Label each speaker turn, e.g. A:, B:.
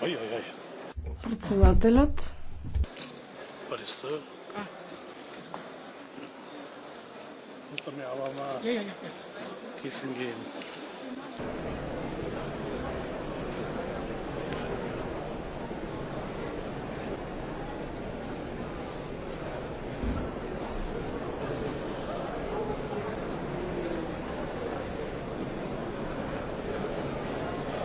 A: президент!
B: Председателят.
C: Кисен гейм.